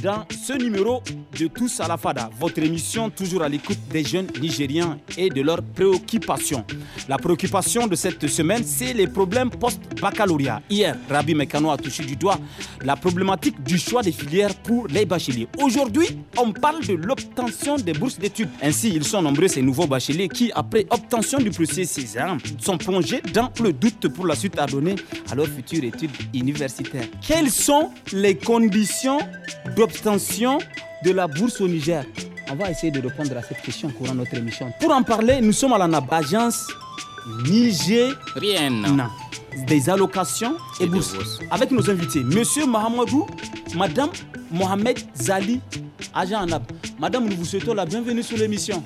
Don't. ce numéro de Tous à la Fada, votre émission toujours à l'écoute des jeunes Nigériens et de leurs préoccupations. La préoccupation de cette semaine, c'est les problèmes post-baccalauréat. Hier, Rabbi Mekano a touché du doigt la problématique du choix des filières pour les bacheliers. Aujourd'hui, on parle de l'obtention des bourses d'études. Ainsi, ils sont nombreux ces nouveaux bacheliers qui, après obtention du procès César, sont plongés dans le doute pour la suite à donner à leur future étude universitaire. Quelles sont les conditions d'obtention de la bourse au Niger On va essayer de répondre à cette question courant notre émission. Pour en parler, nous sommes à la NAB, agence nigérienne des allocations et, et bourses. Avec nos invités, Monsieur Mahamadou, Madame Mohamed Zali, agent ANAB. Madame, nous vous souhaitons la bienvenue sur l'émission.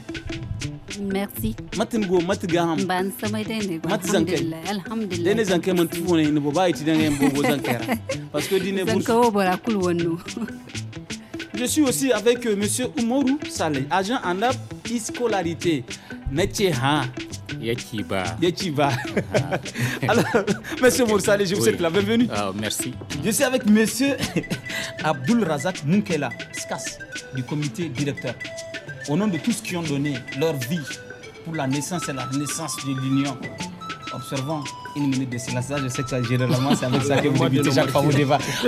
merci Matengo, mattigaham ban samayde matti alhamdulillah dene zanke man tufone ne boba itidan en bobo zankera parce que dine bourse bora je suis aussi avec euh, Monsieur Umoru Saleh, agent en scolarité. Métier, hein? Yachiba. Yachiba. Ah. Alors, monsieur Moursale, je vous souhaite la bienvenue. Ah, merci. Je suis avec monsieur Abdul Razak Munkela, SCAS, du comité directeur. Au nom de tous qui ont donné leur vie pour la naissance et la renaissance de l'Union observant une minute de silence. Là, je sais que ça, généralement, c'est avec ça que vous débutez chaque fois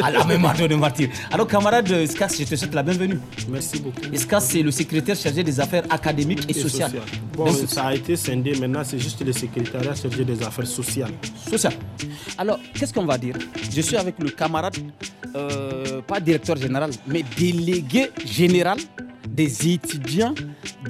À la même de martyr. Alors, camarade Escas, euh, je te souhaite la bienvenue. Merci beaucoup. Escas, c'est le secrétaire chargé des affaires académiques et, sociales. Bon, ça a été scindé. Maintenant, c'est juste le secrétariat chargé des affaires sociales. Sociales. Alors, qu'est-ce qu'on va dire Je suis avec le camarade, euh, pas directeur général, mais délégué général des étudiants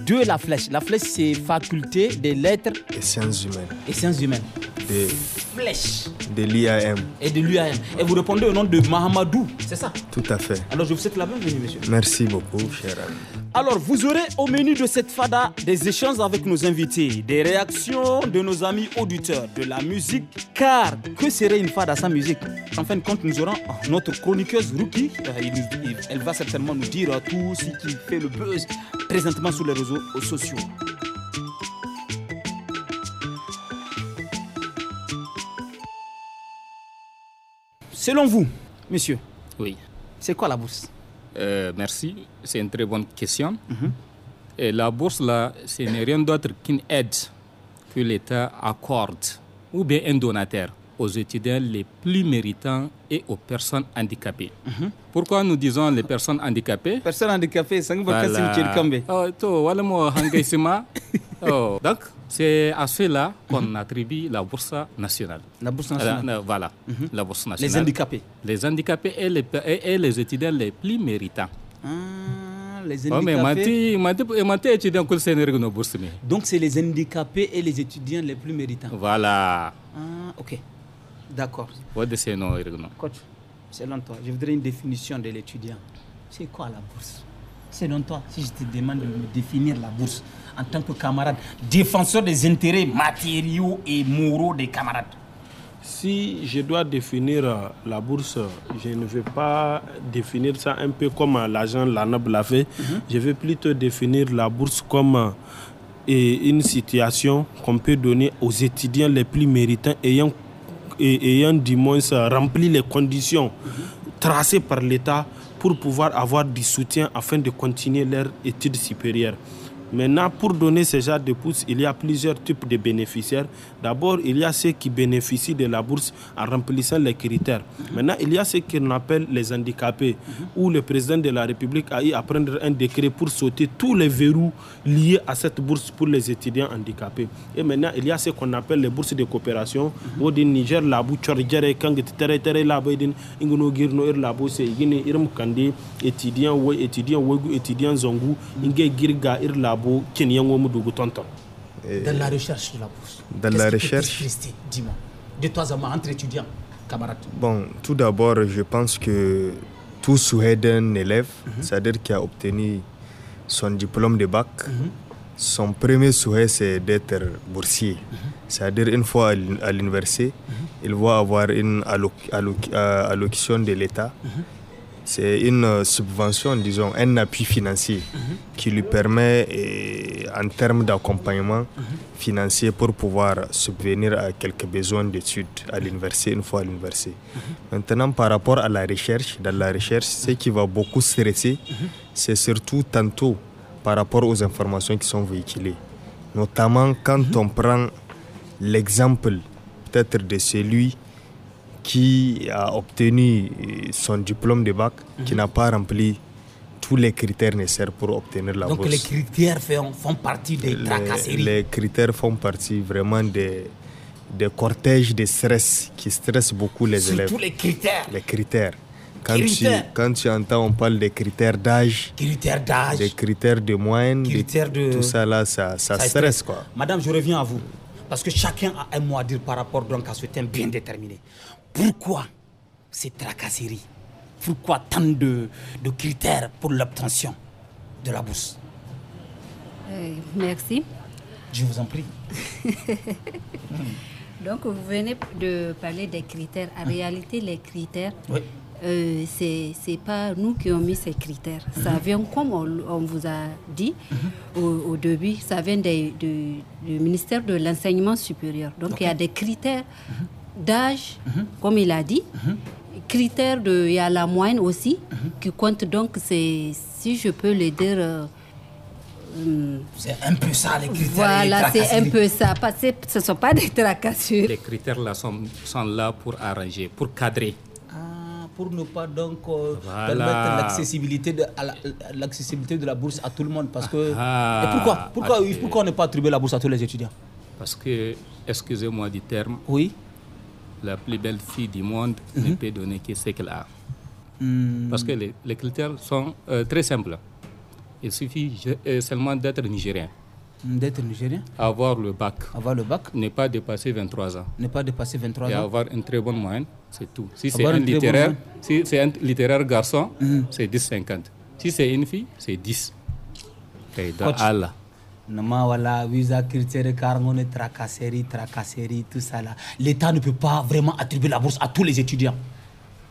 de la flèche. La flèche, c'est faculté des lettres et sciences humaines. Et sciences humaines. et flèche. De l'IAM. Et de l'IAM. Et vous répondez au nom de Mahamadou, c'est ça Tout à fait. Alors je vous souhaite la bienvenue, monsieur. Merci beaucoup, cher ami. Alors, vous aurez au menu de cette fada des échanges avec nos invités, des réactions de nos amis auditeurs, de la musique, car que serait une fada sans musique En fin de compte, nous aurons notre chroniqueuse Rookie. Euh, elle va certainement nous dire euh, tout ce qui fait le buzz présentement sur les réseaux sociaux. Selon vous, monsieur, oui. c'est quoi la bourse euh, merci, c'est une très bonne question. Mhm. la bourse, là, ce n'est rien d'autre qu'une aide que l'État accorde ou bien un donateur aux étudiants les plus méritants et aux personnes handicapées. Mhm. Pourquoi nous disons les personnes handicapées Personnes handicapées, c'est voilà. Oh, oh, Donc, c'est à cela qu'on attribue la bourse nationale. La bourse nationale. Euh, voilà, mhm. la bourse nationale. Les handicapés. Les handicapés et les, étudiants les plus méritants. Ah, les handicapés. Donc c'est les handicapés et les étudiants les plus méritants. Voilà. Ah, ok. D'accord. noms, Coach, selon toi, je voudrais une définition de l'étudiant. C'est quoi la bourse Selon toi, si je te demande de me définir la bourse en tant que camarade, défenseur des intérêts matériaux et moraux des camarades. Si je dois définir euh, la bourse, je ne vais pas définir ça un peu comme euh, l'agent Lanab l'a mhm. Je vais plutôt définir la bourse comme euh, une situation qu'on peut donner aux étudiants les plus méritants ayant et, ayant du moins euh, rempli les conditions tracées par l'État pour pouvoir avoir du soutien afin de continuer leur étude supérieure. Maintenant, pour donner ce genre de bourse, il y a plusieurs types de bénéficiaires. D'abord, il y a ceux qui bénéficient de la bourse en remplissant les critères. Maintenant, il y a ceux qu'on appelle les handicapés, où le président de la République a eu à prendre un décret pour sauter tous les verrous liés à cette bourse pour les étudiants handicapés. Et maintenant, il y a ceux qu'on appelle les bourses de coopération, étudiants, étudiants, yango dans la recherche de la bourse dans la recherche dis-moi de toi à moi entre étudiants camarades bon tout d'abord je pense que tout d'un élève mhm. c'est-à-dire qui a obtenu son diplôme de bac mhm. son premier souhait c'est d'être boursier mhm. c'est-à-dire une fois à l'université il va avoir une allocation euh, de l'État c'est une euh, subvention, disons, un appui financier mhm. qui lui permet, euh, en termes d'accompagnement financier, pour pouvoir subvenir à quelques besoins d'études à l'université, une fois à l'université. Mhm. Maintenant, par rapport à la recherche, dans la recherche, ce qui va beaucoup stresser, mhm. c'est surtout tantôt par rapport aux informations qui sont véhiculées. Notamment quand on prend l'exemple peut-être de celui qui a obtenu euh, son diplôme de bac, qui mhm. n'a pas rempli tous les critères nécessaires pour obtenir la bourse. Donc les critères font, partie des tracasseries les, critères font partie vraiment des, des cortèges de stress qui stressent beaucoup les élèves. tous les critères. Les critères. Quand, Tu, quand tu entends, on parle des critères d'âge. Critères d'âge. Des critères de moyenne. de... Tout ça là, ça, stresse quoi. Madame, je reviens à vous. Parce que chacun a un mot à dire par rapport donc à ce thème bien déterminé. Pourquoi ces tracasseries Pourquoi tant de, critères pour l'obtention de la bourse euh, Merci. Je vous en prie. Donc, vous venez de parler des critères. En hum. réalité, les critères, euh, ce n'est pas nous qui avons mis ces critères. Hum. Ça vient, comme on, vous a dit hum. au, début, ça vient du ministère de l'Enseignement supérieur. Donc, il y a des critères d'âge, mhm. comme il a dit. critère mhm. Critères de, il y a la moyenne aussi, mhm. qui compte donc, c'est, si je peux le dire. Euh, hum, c'est un peu ça les critères. Voilà, c'est un peu ça. ce ne sont pas des tracassures. Les critères là sont, sont là pour arranger, pour cadrer ah, pour ne pas donc euh, permettre l'accessibilité de, l'accessibilité de la bourse à tout le monde. Parce que, ah, ah. et pourquoi pourquoi, on ne pas attribuer la bourse à tous les étudiants Parce que, excusez-moi du terme, oui la plus belle fille du monde ne mhm. peut donner que ce qu'elle a. Hmm. Parce que les, critères sont euh, très simples. Il suffit euh, seulement d'être nigérien. Hmm, d'être nigérien Avoir le bac. Avoir le bac Ne pas dépasser 23 ans. Ne pas dépasser 23 ans. Et avoir une très bonne moyenne, c'est tout. Si c'est un, littéraire, si un littéraire garçon, mhm. c'est 10 c'est 10,50. Si c'est une fille, c'est 10. Et dans Allah mais voilà, visa, critères, carnone, tracasserie, tracasserie, tout ça là. L'État ne peut pas vraiment attribuer la bourse à tous les étudiants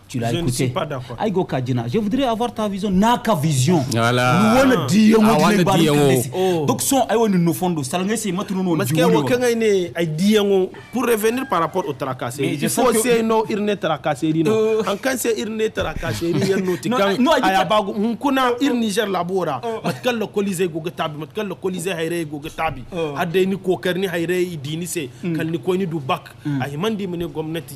tu l'as écouté. Je ne suis pas d'accord. Aigo Kadjina, je voudrais avoir ta vision. Naka vision. Voilà. Nous on mo dile Donc son aiwo ni nofondo salangé c'est matu no. Parce que wo kanga ay diango pour revenir par rapport au tracassé. Il faut c'est no irne tracassé En quand c'est irne tracassé ri no non. Aya bagu hunkuna ir Niger labora. Matkal oh. lo colisé go gatabi, matkal le colisée hayre go gatabi. Hadde ni kokarni hayre idini se. Mm. Kalni ko ni du bac. Mm. Ay mandi mene gwamnati.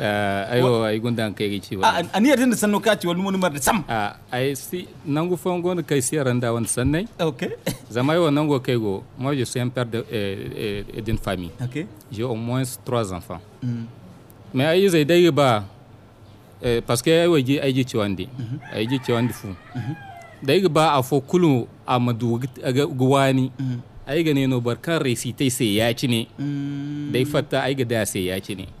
Eh, ayo ay gundan kay gici ba a ah, niyar din sanno ka ci wal mun mar sam a ah, ay si nangu fongo ne kay si randa wan sanne ok zama yo nango kai go moi je suis un père de euh, euh, d'une famille ok j'ai au moins trois enfants mm. mais ay zai dai ba eh, parce que ay waji ay ji ciwandi ay ji ciwandi mhm. fu mhm. dai ba a fo kulu a madu gwani mm. ai ga ne no barkan resi tai sai ya ci ne mm. dai fatta ai ga da sai ya ci ne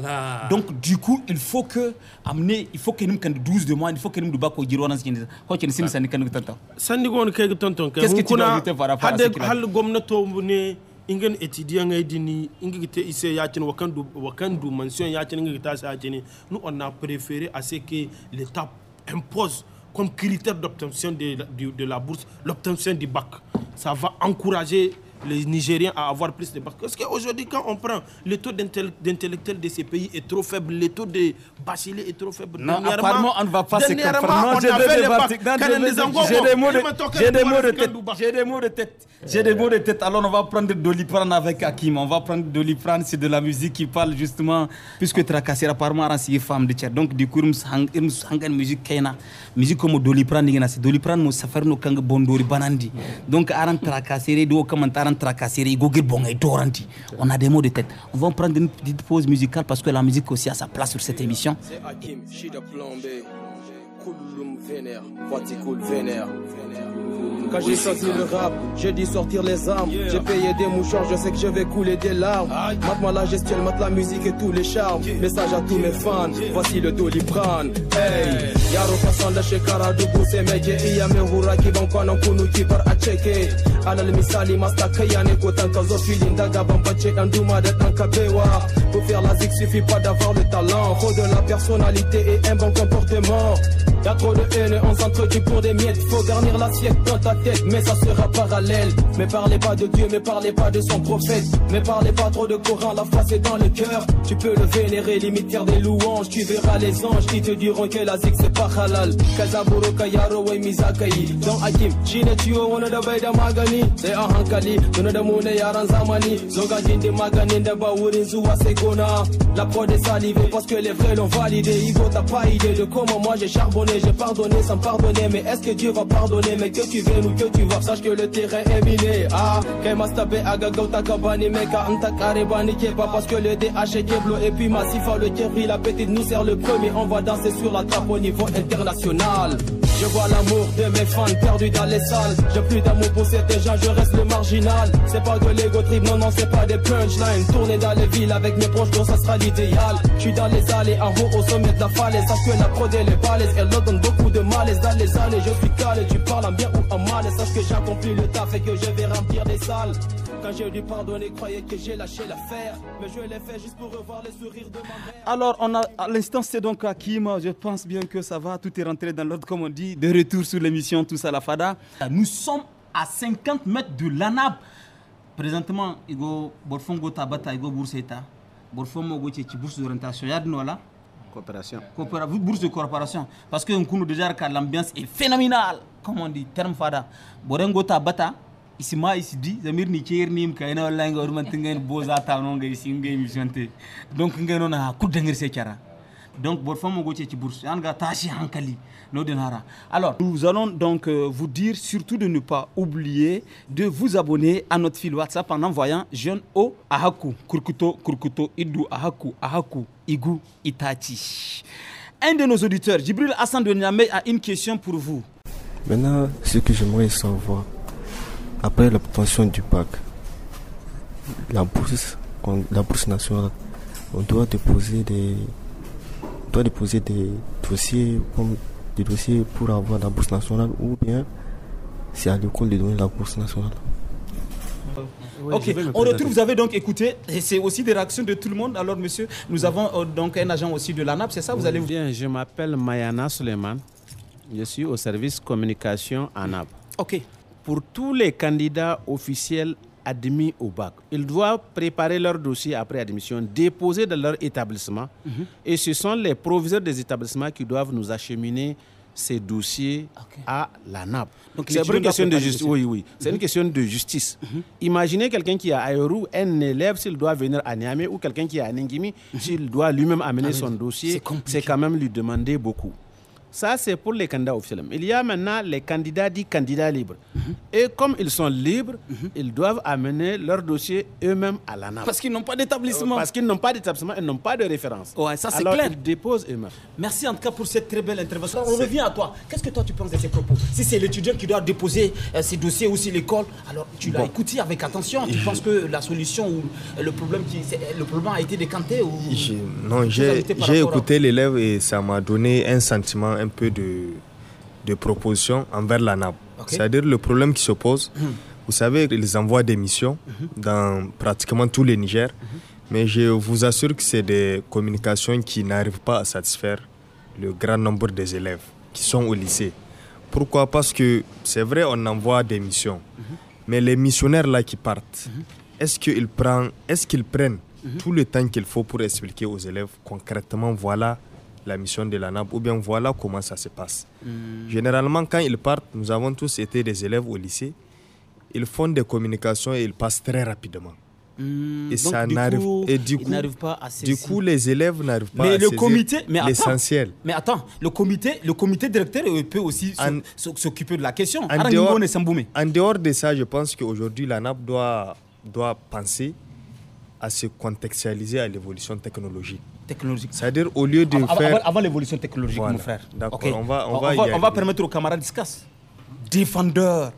Voilà. Donc du coup, il faut que amener, il faut que nous 12 de mois, il faut que nous nous bako jiro nan skin. Ko ken sin san kan tantan. San digo on Qu'est-ce que tu dois faire par rapport à ça Hal gomnato ne ingen étudiant ngay dini ingi te ise yatin wakandu wakandu mention yatin ngi ta sa yatini. Nous on a préféré à ce que l'état impose comme critère d'obtention de, de, de la bourse l'obtention du bac. Ça va encourager les Nigériens à avoir plus de bac. Parce qu'aujourd'hui, quand on prend le taux d'intellectuel de ces pays est trop faible, le taux de bacheliers est trop faible. Non, apparemment, on ne va pas se comprendre. j'ai des mots de tête. J'ai des mots de tête. j'ai des mots de tête Alors, on va prendre Doliprane avec Hakim. On va prendre Doliprane, c'est de la musique qui parle justement, puisque Tracasser, apparemment, c'est femme de Tchad. Donc, du coup, il musique la musique comme Doliprane, c'est Doliprane, c'est faire nos kang bondori banandi. Donc, aran Tracasser, do comment tracasserie, hein, On a des mots de tête. On va prendre une petite pause musicale parce que la musique aussi a sa place sur cette émission. Cool vénère. Quand j'ai sorti le rap, j'ai dit sortir les armes. J'ai payé des mouchoirs, je sais que je vais couler des larmes. Maintenant moi la gestuelle, mate la musique et tous les charmes. Message à tous mes fans, voici le doliprane. Hey, yaro façon lâché karadu buse meje iya me hura qui ban kwanan kunu ki bar a checker. Alal misali masta kotan tanka filin daga dan kabewa. Pour faire la zik suffit pas d'avoir le talent, faut de la personnalité et un bon comportement. Y'a trop de haine, on s'entretient pour des miettes. Faut garnir l'assiette dans ta tête, mais ça sera parallèle. Mais parlez pas de Dieu, mais parlez pas de son prophète. Mais parlez pas trop de Coran, la foi c'est dans le cœur. Tu peux le vénérer, limiter des louanges. Tu verras les anges qui te diront que la zik c'est pas halal. Kazaburo Kayaro et Mizakai. Don akim Shine Tuyo, on a way da Magani. c'est un Hankali, Dona da Mune Yaran Zamani. Zogajin de Magani, da Bawurin Zoua, Segona. La prod des salivés, parce que les vrais l'ont validé. Ivo, t'as pas idée de comment moi j'ai charbonné j'ai pardonné sans pardonner. Mais est-ce que Dieu va pardonner Mais que tu viennes ou que tu vas, sache que le terrain est miné. Ah, Kemastabe, Agagauta, Kabani, Meka, Antakareba, pas, Parce que le DH est bleu. et puis Massifa, le Kebri, la petite nous sert le premier. On va danser sur la trappe au niveau international. Je vois l'amour de mes fans perdu dans les salles. J'ai plus d'amour pour ces gens, je reste le marginal. C'est pas de l'ego trip, non, non, c'est pas des punchlines. Tourner dans les villes avec mes proches, donc ça sera l'idéal. Je suis dans les allées, en haut au sommet de la falaise. Sache que la prod et les elle leur donne beaucoup de malaise. Dans les allées, je suis calé, tu parles en bien ou en mal. sache que j'accomplis le taf et que je vais remplir des salles. Quand je lui pardonné, croyait que j'ai lâché l'affaire. Mais je l'ai fait juste pour revoir les sourires de ma mère. Alors, on a, à l'instant, c'est donc Hakim. Je pense bien que ça va. Tout est rentré dans l'ordre, comme on dit. De retour sur l'émission tout à la Fada. Nous sommes à 50 mètres de l'ANAB. Présentement, il y a Borfongo Tabata, il Bourseta. Borfongo bourse d'orientation. Il Coopération. Coopération. Bourse de coopération Parce que nous déjà l'ambiance est phénoménale. Comme on dit, terme Fada. Borengo Tabata. Si moi ici, dit zamir ni cer ni ka ina wallahi ngor boza ta non ga isi missionte donc ngai non ha kudengir se cara donc bor famo go ci bourse an ga tashi hankali no denara alors nous allons donc euh, vous dire surtout de ne pas oublier de vous abonner à notre fil WhatsApp en envoyant jeune au ahaku kurkuto kurkuto idu ahaku ahaku igu itachi un de nos auditeurs Jibril Hassan de Niamey a une question pour vous maintenant ce que j'aimerais savoir après l'obtention du bac, la bourse, la bourse nationale, on doit déposer des, doit déposer des dossiers des dossiers pour avoir la bourse nationale ou bien c'est à l'école de donner la bourse nationale. ok, on retrouve, vous avez donc écouté, c'est aussi des réactions de tout le monde. Alors, monsieur, nous avons euh, donc un agent aussi de l'ANAP, c'est ça Vous allez vous... Bien, je m'appelle Mayana Suleiman, je suis au service communication ANAP. Ok pour tous les candidats officiels admis au bac. Ils doivent préparer leur dossier après admission, déposer dans leur établissement. Mhm. Et ce sont les proviseurs des établissements qui doivent nous acheminer ces dossiers à la NAP. C'est une question de justice. Oui, oui. C'est une mhm. question de justice. Mhm. Imaginez quelqu'un qui est à Ayoru, un élève, s'il doit venir à Niamey, ou quelqu'un qui est à Ningimi, s'il doit lui-même amener ah son dossier, c'est quand même lui demander beaucoup. Ça, c'est pour les candidats officiels. Il y a maintenant les candidats dits candidats libres. Mhm. Et comme ils sont libres, mhm. ils doivent amener leur dossier eux-mêmes à l'ANAP. Parce qu'ils n'ont pas d'établissement. Euh, parce qu'ils n'ont pas d'établissement, ils n'ont pas de référence. Ouais, ça c'est clair. Ils déposent eux-mêmes. Merci en tout cas pour cette très belle intervention. On revient à toi. Qu'est-ce que toi tu penses de ces propos Si c'est l'étudiant qui doit déposer euh, ses dossiers ou si l'école, alors tu l'as écouté avec attention. Tu penses que la solution ou le problème, le problème a été décanté ou... non, j'ai écouté l'élève et ça m'a donné un sentiment un peu de, de propositions envers la NAB. C'est-à-dire le problème qui se pose, vous savez, ils envoient des missions mhm. dans pratiquement tous les Niger, mhm. mais je vous assure que c'est des communications qui n'arrivent pas à satisfaire le grand nombre des élèves qui sont au lycée. Pourquoi Parce que c'est vrai, on envoie des missions, mhm. mais les missionnaires là qui partent, est-ce est-ce qu'ils prennent tout le temps qu'il faut pour expliquer aux élèves concrètement, voilà la mission de la nap ou bien voilà comment ça se passe. Hmm. Généralement, quand ils partent, nous avons tous été des élèves au lycée, ils font des communications et ils passent très rapidement. Hmm. et ça n'arrive et du coup, pas à du coup les élèves n'arrivent pas mais à le comité mais attends, l'essentiel mais attends le comité le comité directeur euh, peut aussi s'occuper de la question en dehors, de ça je pense qu'aujourd'hui la NAP doit doit penser à se contextualiser à l'évolution technologique technologique. C'est-à-dire au lieu de avant, faire... Avant, l'évolution technologique, mon frère. D'accord, on, va, on, va, on va permettre aux camarades casser. défendeurs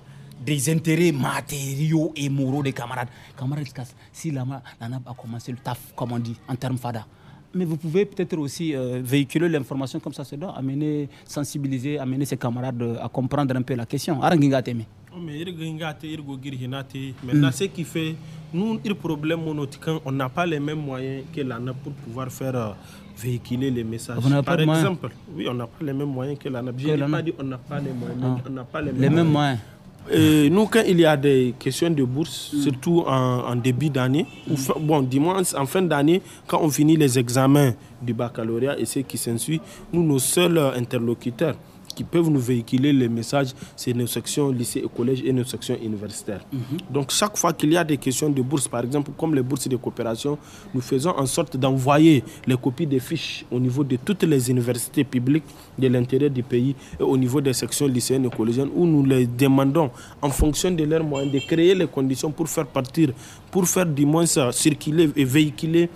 des intérêts matériaux et moraux des camarades. Camarades casse. si la, la a commencé le taf, comme on dit, en termes fada, mais vous pouvez peut-être aussi euh, véhiculer l'information comme ça se amener, sensibiliser, amener ses camarades euh, à comprendre un peu la question. Oh, Maintenant, mm. ce qui fait, nous, le problème monotique, on n'a pas les mêmes moyens que l'ANA pour pouvoir faire euh, véhiculer les messages. Par exemple, oui, on n'a pas les mêmes moyens que l'ANA. Je n'ai pas dit on n'a pas les moyens, ah. on n'a pas les mêmes, moyens nous, quand il y a des questions de bourse, mm. surtout en, début d'année, ou mm. en fin d'année, quand on finit les examens du baccalauréat et ce qui s'ensuit, nous, nos seuls euh, interlocuteurs, qui peuvent nous véhiculer les messages, c'est nos sections lycées et collège et nos sections universitaires. Mhm. Donc chaque fois qu'il y a des questions de bourse, par exemple comme les bourses de coopération, nous faisons en sorte d'envoyer les copies des fiches au niveau de toutes les universités publiques de l'intérieur du pays et au niveau des sections lycéennes et collégiennes où nous les demandons en fonction de leurs moyens de créer les conditions pour faire partir, pour faire du moins ça, circuler et véhiculer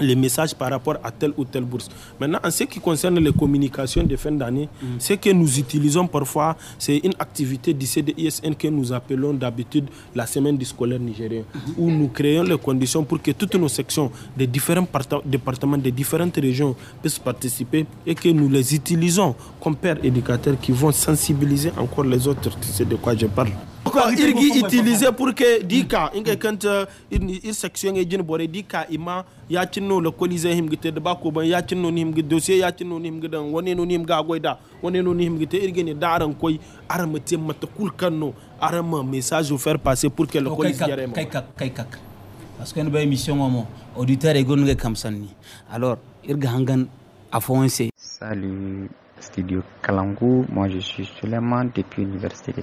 les messages par rapport à telle ou telle bourse. Maintenant, en ce qui concerne les communications de fin d'année, mm. ce que nous utilisons parfois, c'est une activité du CDISN que nous appelons d'habitude la semaine du scolaire nigérien, mm-hmm. où nous créons les conditions pour que toutes nos sections des différents départements, des différentes régions puissent participer et que nous les utilisons comme pères éducateurs qui vont sensibiliser encore les autres. c'est de quoi je parle. Pourquoi irgi utilisé pour que dika inga kanta ir section e jin bore dika ima ya cinno le kolise him gite da bako ban ya cinno ni him gite dossier ya cinno ni him gite dan wone no ni him ga goida wone no ni him gite irgi ni daran koy arama te mata kul kanno arama message faire passer pour que le kolise yare mo kay kak kay kak parce que ne bay mission mo auditeur e gonga kam sanni alors irga hangan afonse salut studio kalangu moi je suis seulement depuis l'université de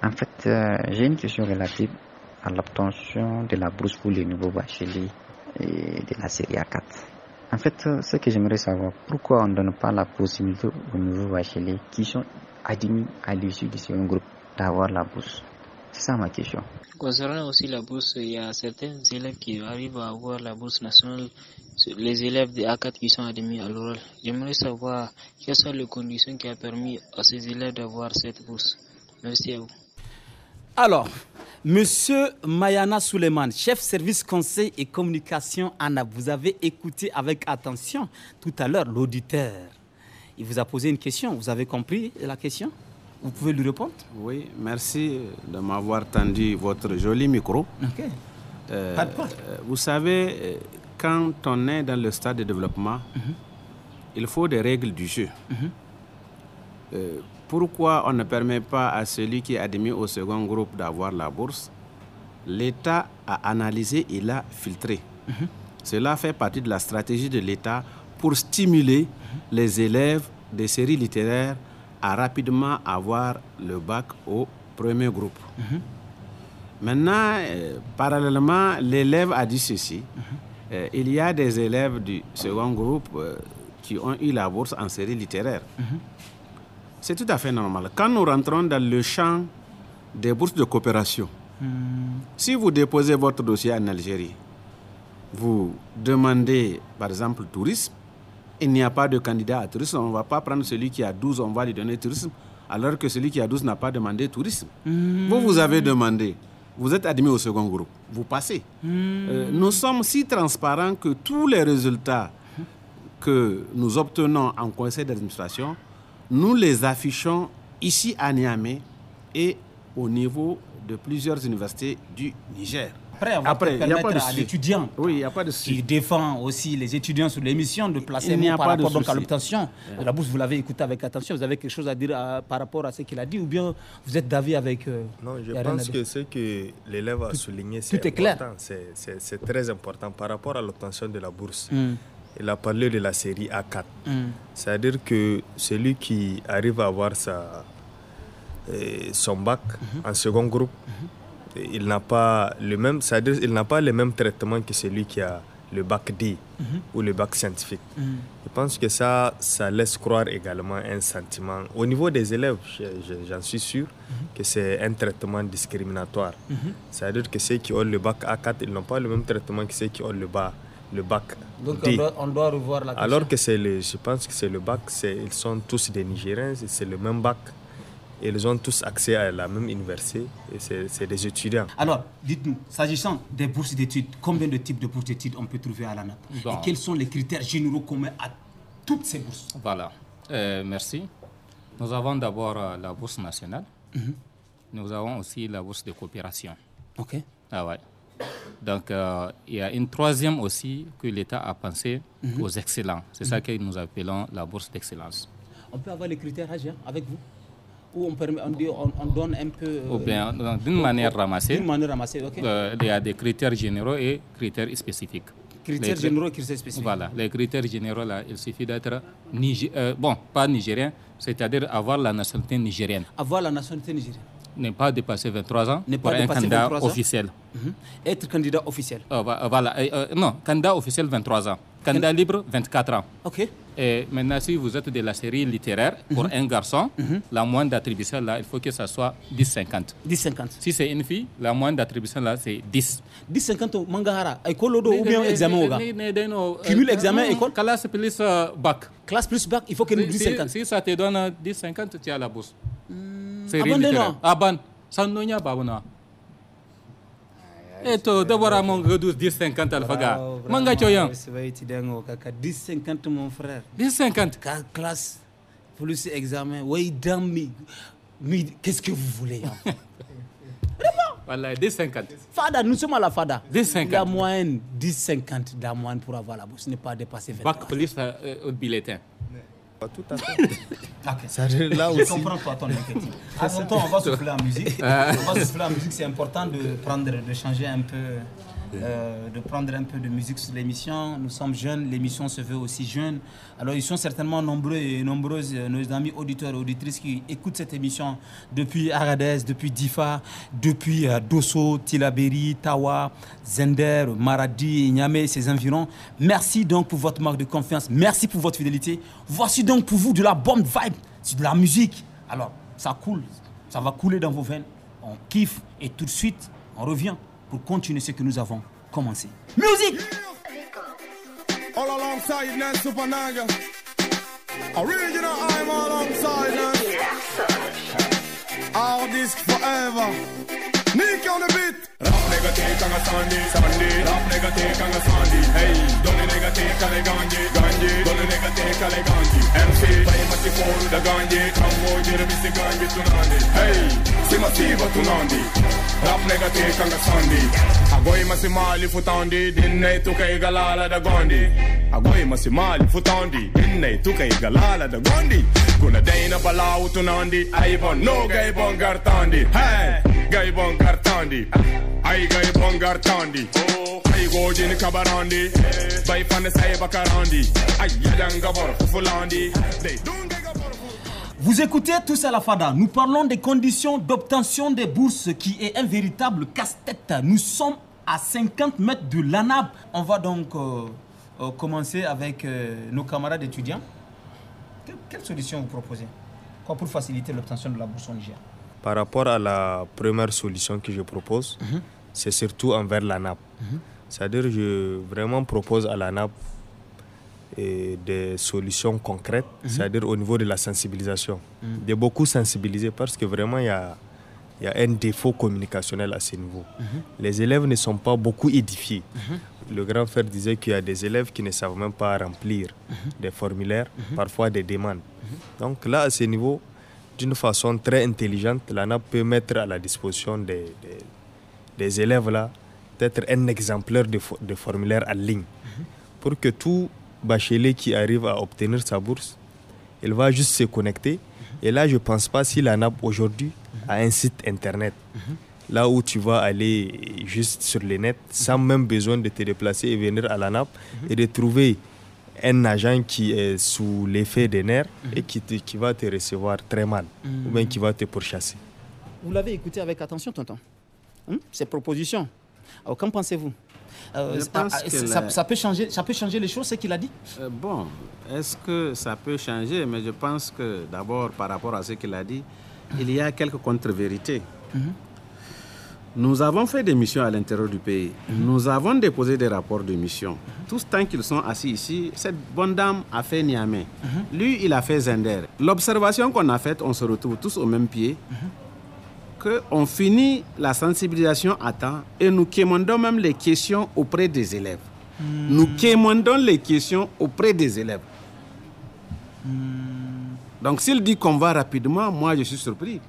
en fait, euh, j'ai une question relative à l'obtention de la bourse pour les nouveaux bacheliers et de la série A4. En fait, euh, ce que j'aimerais savoir, pourquoi on ne donne pas la possibilité aux nouveaux bacheliers qui sont admis à l'issue du second groupe d'avoir la bourse C'est ça ma question. Concernant aussi la bourse, il y a certains élèves qui arrivent à avoir la bourse nationale, les élèves de A4 qui sont admis à l'oral. J'aimerais savoir quelles sont les conditions qui ont permis à ces élèves d'avoir cette bourse. Merci à vous. Alors, Monsieur Mayana Suleiman, chef service conseil et communication ANA, vous avez écouté avec attention tout à l'heure l'auditeur. Il vous a posé une question. Vous avez compris la question Vous pouvez lui répondre Oui, merci de m'avoir tendu votre joli micro. Ok. Euh, Pas de quoi. Euh, vous savez, euh, quand on est dans le stade de développement, mhm. il faut des règles du jeu. Mhm. Pourquoi on ne permet pas à celui qui est admis au second groupe d'avoir la bourse L'État a analysé et l'a filtré. Mm-hmm. Cela fait partie de la stratégie de l'État pour stimuler mm-hmm. les élèves des séries littéraires à rapidement avoir le bac au premier groupe. Mm-hmm. Maintenant, euh, parallèlement, l'élève a dit ceci. Euh, il y a des élèves du second groupe euh, qui ont eu la bourse en série littéraire. C'est tout à fait normal. Quand nous rentrons dans le champ des bourses de coopération, hmm. si vous déposez votre dossier en Algérie, vous demandez par exemple tourisme, il n'y a pas de candidat à tourisme, on ne va pas prendre celui qui a 12, on va lui donner tourisme, alors que celui qui a 12 n'a pas demandé tourisme. Hmm. Vous, vous avez demandé, vous êtes admis au second groupe, vous passez. Hmm. Euh, nous sommes si transparents que tous les résultats que nous obtenons en conseil d'administration nous les affichons ici à Niamey et au niveau de plusieurs universités du Niger. Après, on va Après y a pas de à l'étudiant qui défend aussi les étudiants sur l'émission de placer par rapport à l'obtention de la bourse. Vous l'avez écouté avec attention. Vous avez quelque chose à dire par rapport à ce qu'il a dit ou bien vous êtes d'avis avec... Euh, non, je pense que ce que l'élève a souligné, c'est très important par rapport à l'obtention de la bourse. Hmm il a parlé de la série A4. Mm. C'est-à-dire que celui qui arrive à avoir sa, euh, son bac mm-hmm. en second groupe, mm-hmm. il n'a pas le même, c'est-à-dire il n'a pas le même traitement que celui qui a le bac D mm-hmm. ou le bac scientifique. Mm. Je pense que ça, ça laisse croire également un sentiment. Au niveau des élèves, j'en suis sûr que c'est un traitement discriminatoire. C'est-à-dire que ceux qui ont le bac A4, ils n'ont pas le même traitement que ceux qui ont le bac le bac. Donc On, doit, revoir la question. Alors que c'est le, je pense que c'est le bac, ils sont tous des Nigériens, c'est le même bac. ils ont tous accès à la même université et c'est des étudiants. Alors, dites-nous, s'agissant des bourses d'études, combien de types de bourses d'études on peut trouver à la Et quels sont les critères généraux communs à toutes ces bourses Voilà, euh, merci. Nous avons d'abord euh, la bourse nationale. Mhm. Nous avons aussi la bourse de coopération. OK. Ah ouais. Donc, euh, il y a une troisième aussi que l'État a pensé mhm. aux excellents. C'est ça mhm. que nous appelons la bourse d'excellence. On peut avoir les critères avec vous Ou on, donne un peu. Euh, bien, euh, d'une manière ramassée. il y a des critères généraux et critères spécifiques. Critères généraux et critères spécifiques. Voilà, les critères généraux, il suffit d'être. bon, pas nigérien, c'est-à-dire avoir la nationalité nigérienne. Avoir la nationalité nigérienne n'est pas dépassé 23 ans pour pas un candidat officiel. Mm-hmm. Être candidat officiel. Euh, voilà, euh, non, candidat officiel 23 ans. Candidat libre 24 ans. Ok. Et maintenant, si vous êtes de la série littéraire, mm-hmm. pour un garçon, mm-hmm. la moindre d'attribution là, il faut que ça soit 10-50. 10-50. Si c'est une fille, la moindre d'attribution là, c'est 10. 10-50 mangahara, école ou bien examen euh, examen, école Classe plus bac. Classe plus bac, il faut que nous 10-50. Si ça te donne 10-50, tu as la bourse. Hmm abandonner aban pas bon. Et toi, Deborah, mon redus 10 50 alpha ga manga coyan sibaytidengo kaka 10 50 mon frère 10 50 ka classe plus examen Oui, dammi mais qu'est-ce que vous voulez hein? Voilà, 10 50. Fada, nous sommes à la Fada. 50. La moyenne, 50. la moyenne pour avoir la bourse, n'est pas dépassé. Bac plus euh, au bulletin. Pas tout à fait. Ok. Ça, là aussi. Je comprends pas ton inquiétude. À même temps, on va souffler en musique. on va souffler en musique. C'est important de prendre, de changer un peu. Euh, de prendre un peu de musique sur l'émission. Nous sommes jeunes, l'émission se veut aussi jeune. Alors ils sont certainement nombreux et nombreuses, euh, nos amis auditeurs et auditrices qui écoutent cette émission depuis Aradez, depuis Difa, depuis euh, Dosso, Tilaberi, Tawa, Zender, Maradi, Niamey et ses environs. Merci donc pour votre marque de confiance, merci pour votre fidélité. Voici donc pour vous de la bombe vibe, c'est de la musique. Alors ça coule, ça va couler dans vos veines, on kiffe et tout de suite on revient pour continuer ce que nous avons commencé. Musique! All alongside Nancy Panaga. Original I'm alongside Nancy. All disc forever. Nick on the beat. Rap nigga take on a Sunday, Sunday. Rap nigga take on a Sunday. Hey, don't nigga take on a ganji, ganji. Don't nigga take on a ganji. MC, play my si for the ganji. Come on, get a miss the ganji tunandi. Hey, si ma si va tunandi. Rap nigga take on a Sunday. Agoi masimali futandi, dinne tukai galala da gondi. Agoi masimali futandi, dinne tukai galala da gondi. Kuna daina balau tunandi, aibon no gaibon gartandi. Hey. Vous écoutez tous à la FADA. Nous parlons des conditions d'obtention des bourses qui est un véritable casse-tête. Nous sommes à 50 mètres de l'ANAB. On va donc euh, euh, commencer avec euh, nos camarades étudiants. quelle solution vous proposez Quoi pour faciliter l'obtention de la bourse en Niger par rapport à la première solution que je propose, mhm. c'est surtout envers la nappe. Mhm. C'est-à-dire je vraiment propose à la nappe des solutions concrètes, mhm. c'est-à-dire au niveau de la sensibilisation, de beaucoup sensibiliser parce que vraiment il y a, y a, un défaut communicationnel à ce niveau. Les élèves ne sont pas beaucoup édifiés. Le grand frère disait qu'il y a des élèves qui ne savent même pas remplir des formulaires, parfois des demandes. Donc là, à ce niveau, d'une façon très intelligente, l'ANAP peut mettre à la disposition des, des, élèves là peut-être un exemplaire de, de formulaire en ligne mhm. pour que tout bachelier qui arrive à obtenir sa bourse, il va juste se connecter. Mhm. Et là, je ne pense pas si l'ANAP aujourd'hui mhm. a un site internet là où tu vas aller juste sur les net sans même besoin de te déplacer et venir à la nappe et de trouver un agent qui est sous l'effet des nerfs mhm. et qui, qui, va te recevoir très mal mhm. ou bien qui va te pourchasser. Vous l'avez écouté avec attention, tonton Ces hein? propositions. Alors, qu'en pensez-vous euh, euh, ça, peut changer, ça peut changer les choses, ce qu'il a dit euh, Bon, est-ce que ça peut changer Mais je pense que d'abord, par rapport à ce qu'il a dit, il y a quelques contre-vérités. Mhm. Nous avons fait des missions à l'intérieur du pays. Nous avons déposé des rapports de mission. Tous tant qu'ils sont assis ici, cette bonne dame a fait Niamey. Lui, il a fait Zender. L'observation qu'on a faite, on se retrouve tous au même pied. Que on finit la sensibilisation à temps et nous quémandons même les questions auprès des élèves. Hmm. Nous quémandons les questions auprès des élèves. Hmm. Donc s'il dit qu'on va rapidement, moi je suis surpris.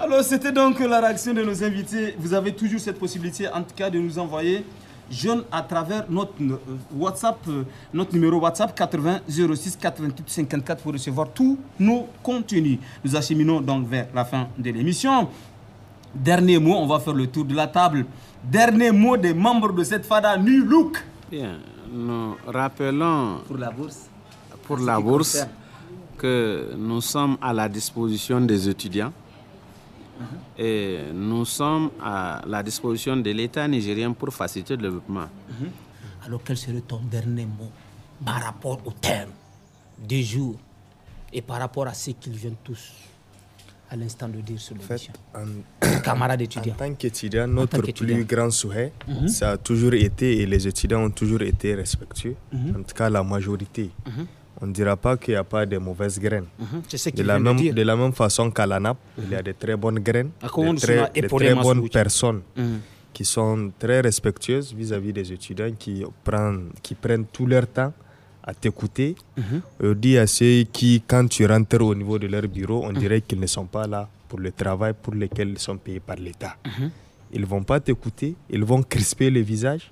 Alors, c'était donc la réaction de nos invités. Vous avez toujours cette possibilité, en tout cas, de nous envoyer jeune à travers notre euh, WhatsApp, euh, notre numéro WhatsApp 80 06 88 54 pour recevoir tous nos contenus. Nous acheminons donc vers la fin de l'émission. Dernier mot, on va faire le tour de la table. Dernier mot des membres de cette fada New Look. Bien, nous rappelons pour la bourse, pour la bourse que nous sommes à la disposition des étudiants et nous sommes à la disposition de l'État nigérien pour faciliter le développement. Mhm. Alors, quel serait ton dernier mot par rapport au terme du jour et par rapport à ce qu'ils viennent tous à l'instant de dire sur le fait, en, tant qu'étudiant, notre plus grand souhait, mhm. ça a toujours été, et les étudiants ont toujours été respectueux, mhm. en tout cas la majorité on ne dira pas qu'il n'y a pas de mauvaises graines. Mhm. de, la même, façon qu'à la mhm. il y a de très bonnes graines, de très, de très bonnes personnes mhm. qui sont très respectueuses vis-à-vis des étudiants qui prennent, qui prennent tout leur temps à t'écouter. On dit à ceux qui, quand tu rentres au niveau de leur bureau, on dirait qu'ils ne sont pas là pour le travail pour lequel ils sont payés par l'État. Ils ne vont pas t'écouter, ils vont crisper le visage,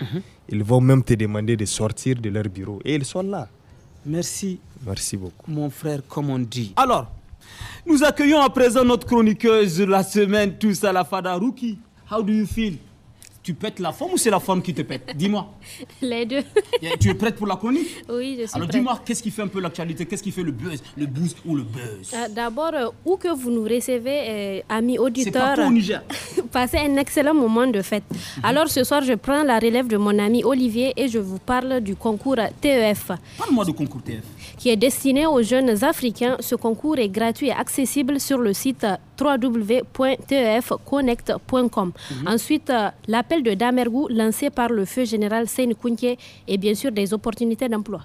ils vont même te demander de sortir de leur bureau. Et ils sont là. Merci. Merci beaucoup. Mon frère, comme on dit. Alors, nous accueillons à présent notre chroniqueuse de la semaine, tous à la Fada. Ruki, how do you feel? Tu pètes la forme ou c'est la forme qui te pète Dis-moi. Les deux. tu es prête pour la chronique Oui, je suis Alors dis-moi, qu'est-ce qui fait un peu l'actualité Qu'est-ce qui fait le buzz, le buzz ou le buzz euh, D'abord, euh, où que vous nous recevez, euh, amis auditeurs, passez un excellent moment de fête. Mhm. Alors ce soir, je prends la relève de mon ami Olivier et je vous parle du concours TEF. Parle-moi du concours TEF qui est destiné aux jeunes africains. Ce concours est gratuit et accessible sur le site www.tefconnect.com. Mhm. Ensuite, euh, l'appel de Damergou lancé par le feu général Seine Kounke et bien sûr des opportunités d'emploi.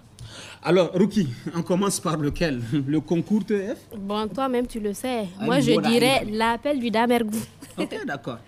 Alors, Ruki, on commence par lequel Le concours TEF Bon, toi-même, tu le sais. Ah, Moi, je dirais l'appel du Damergou d'accord.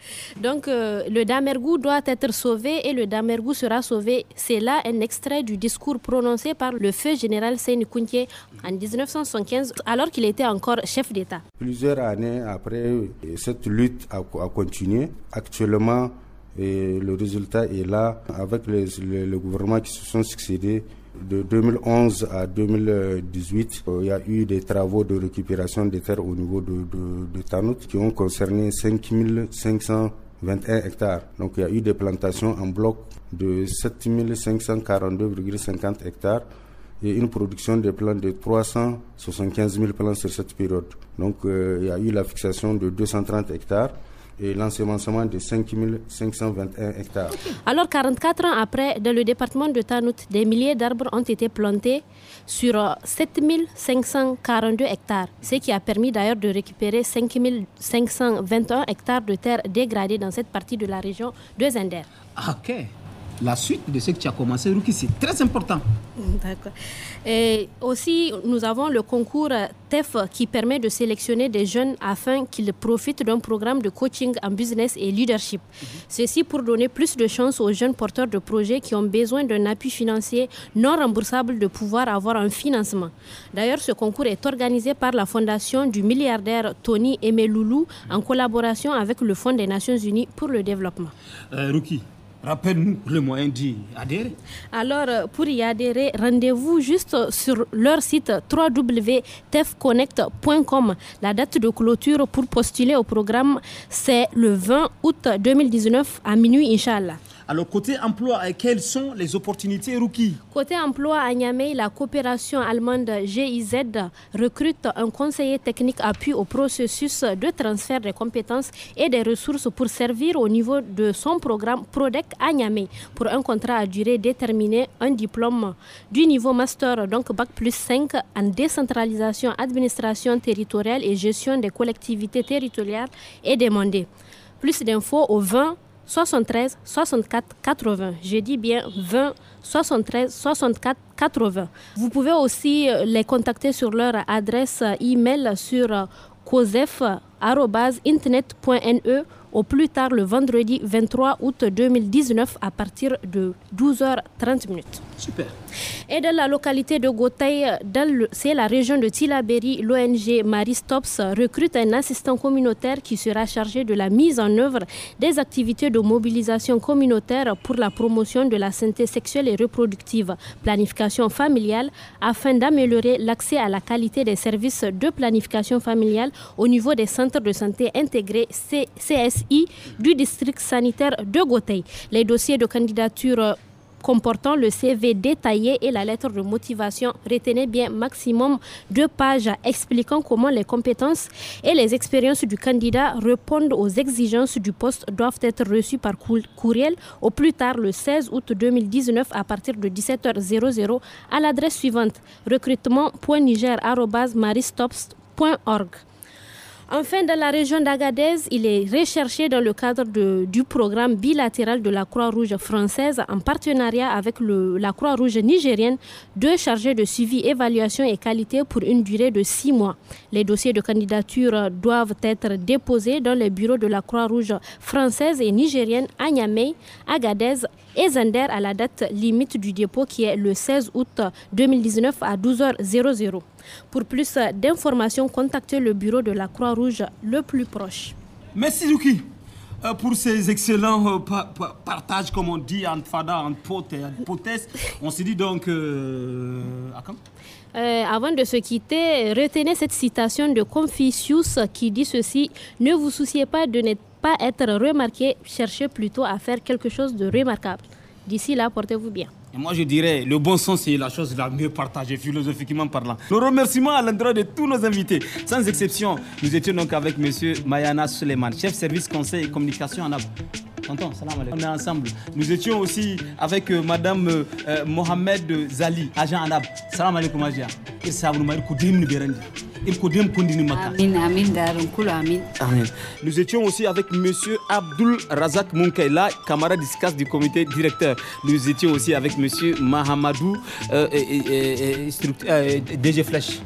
Donc, euh, le Damergou doit être sauvé et le Damergou sera sauvé. C'est là un extrait du discours prononcé par le feu général Seine-Countier en 1975, alors qu'il était encore chef d'État. Plusieurs années après, euh, cette lutte a, continué. Actuellement, euh, le résultat est là avec les, gouvernements le gouvernement qui se sont succédés de 2011 à 2018, euh, il y a eu des travaux de récupération des terres au niveau de, de, Tanout qui ont concerné 5521 hectares. Donc il y a eu des plantations en bloc de 7542,50 hectares et une production de plants de 375 000 plants sur cette période. Donc euh, il y a eu la fixation de 230 hectares et l'ensemencement de 5 521 hectares. Alors 44 ans après, dans le département de Tanout, des milliers d'arbres ont été plantés sur 7 542 hectares, ce qui a permis d'ailleurs de récupérer 5 521 hectares de terre dégradées dans cette partie de la région de Zender. Ah, OK la suite de ce que tu as commencé, Ruki, c'est très important. D'accord. Et aussi, nous avons le concours TEF qui permet de sélectionner des jeunes afin qu'ils profitent d'un programme de coaching en business et leadership. Mhm. Ceci pour donner plus de chances aux jeunes porteurs de projets qui ont besoin d'un appui financier non remboursable de pouvoir avoir un financement. D'ailleurs, ce concours est organisé par la fondation du milliardaire Tony Emeloulou en collaboration avec le Fonds des Nations Unies pour le développement. Euh, Ruki, Rappelle-nous le moyen d'y adhérer. Alors, euh, pour y adhérer, rendez-vous juste sur leur site www.tefconnect.com. La date de clôture pour postuler au programme, c'est le 20 août 2019 à minuit, Inch'Allah. Alors côté emploi, euh, quelles sont les opportunités Rookie Côté emploi à Niamey, la coopération allemande GIZ recrute un conseiller technique appui au processus de transfert des compétences et des ressources pour servir au niveau de son programme PRODEC à Niamey pour un contrat à durée déterminée, un diplôme du niveau master, donc Bac plus 5 en décentralisation, administration territoriale et gestion des collectivités territoriales est demandé. Plus d'infos au 20 73 64 80. Je dis bien 20 73 64 80. Vous pouvez aussi euh, les contacter sur leur adresse euh, e-mail sur euh, cosef.internet.ne au plus tard le vendredi 23 août 2019 à partir de 12h30 minutes. Super. Et dans la localité de Gotay, c'est la région de Tilaberi, l'ONG Marie Stops recrute un assistant communautaire qui sera chargé de la mise en œuvre des activités de mobilisation communautaire pour la promotion de la santé sexuelle et reproductive, planification familiale, afin d'améliorer l'accès à la qualité des services de planification familiale au niveau des centres de santé intégrés CSI du district sanitaire de Gotay. Les dossiers de candidature comportant le CV détaillé et la lettre de motivation. Retenez bien maximum deux pages expliquant comment les compétences et les expériences du candidat répondent aux exigences du poste doivent être reçues par courriel au plus tard le 16 août 2019 à partir de 17h00 à l'adresse suivante recrutement.niger.maristops.org. Enfin, dans la région d'Agadez, il est recherché dans le cadre du programme bilatéral de la Croix-Rouge française en partenariat avec la Croix-Rouge nigérienne, deux chargés de suivi, évaluation et qualité pour une durée de six mois. Les dossiers de candidature doivent être déposés dans les bureaux de la Croix-Rouge française et nigérienne à Niamey, Agadez et Zander à la date limite du dépôt qui est le 16 août 2019 à 12h00. Pour plus d'informations, contactez le bureau de la Croix-Rouge le plus proche. Merci Zuki. Euh, pour ces excellents euh, partages, comme on dit, en fada, en potes en On se dit donc euh, à Avant de se quitter, retenez cette citation de Confucius qui dit ceci Ne vous souciez pas de ne pas être remarqué, cherchez plutôt à faire quelque chose de remarquable. D'ici là, portez-vous bien. Et moi, je dirais, le bon sens, c'est la chose la mieux partagée, philosophiquement parlant. Le remerciement à l'endroit de tous nos invités. Sans exception, nous étions donc avec M. Mayana Suleiman, chef service conseil et communication en Nab. Tonton, salam alaikum. On est ensemble. Nous étions aussi avec euh, Madame euh, Mohamed Zali, agent en Salam alaikum, Et ça, vous nous étions aussi avec M. Abdul Razak Munkaila, camarade d'ISCAS du comité directeur. Nous étions aussi avec M. Mahamadou, euh, euh, DG Flèche.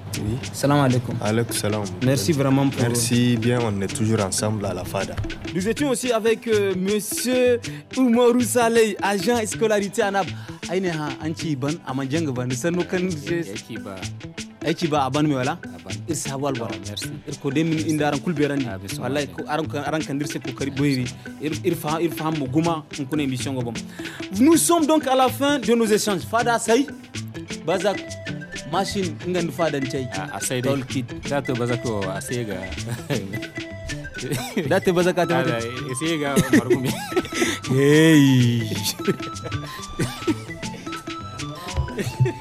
Salam alaikum. Alaikum salam. Merci vraiment pour. Merci bien, on est toujours ensemble à la FADA. Nous étions aussi avec euh, Monsieur Oumarou Saleh, agent scolarité à Aïneha, Anchi Iban, Amandjang aiki ba a ban mai wala ir sabuwal merci ir ko de min inda ran kulbe ran ah, wallahi ko aran kan aran kan dirse ko kari boyri ir ir fa ir fa mo guma on connaît mission gobom nous sommes donc à la fin de nos échanges fada say bazak machine ngand fadan chai a ah, sai dai kit da to a sega ga da to bazak ta ah, mata hey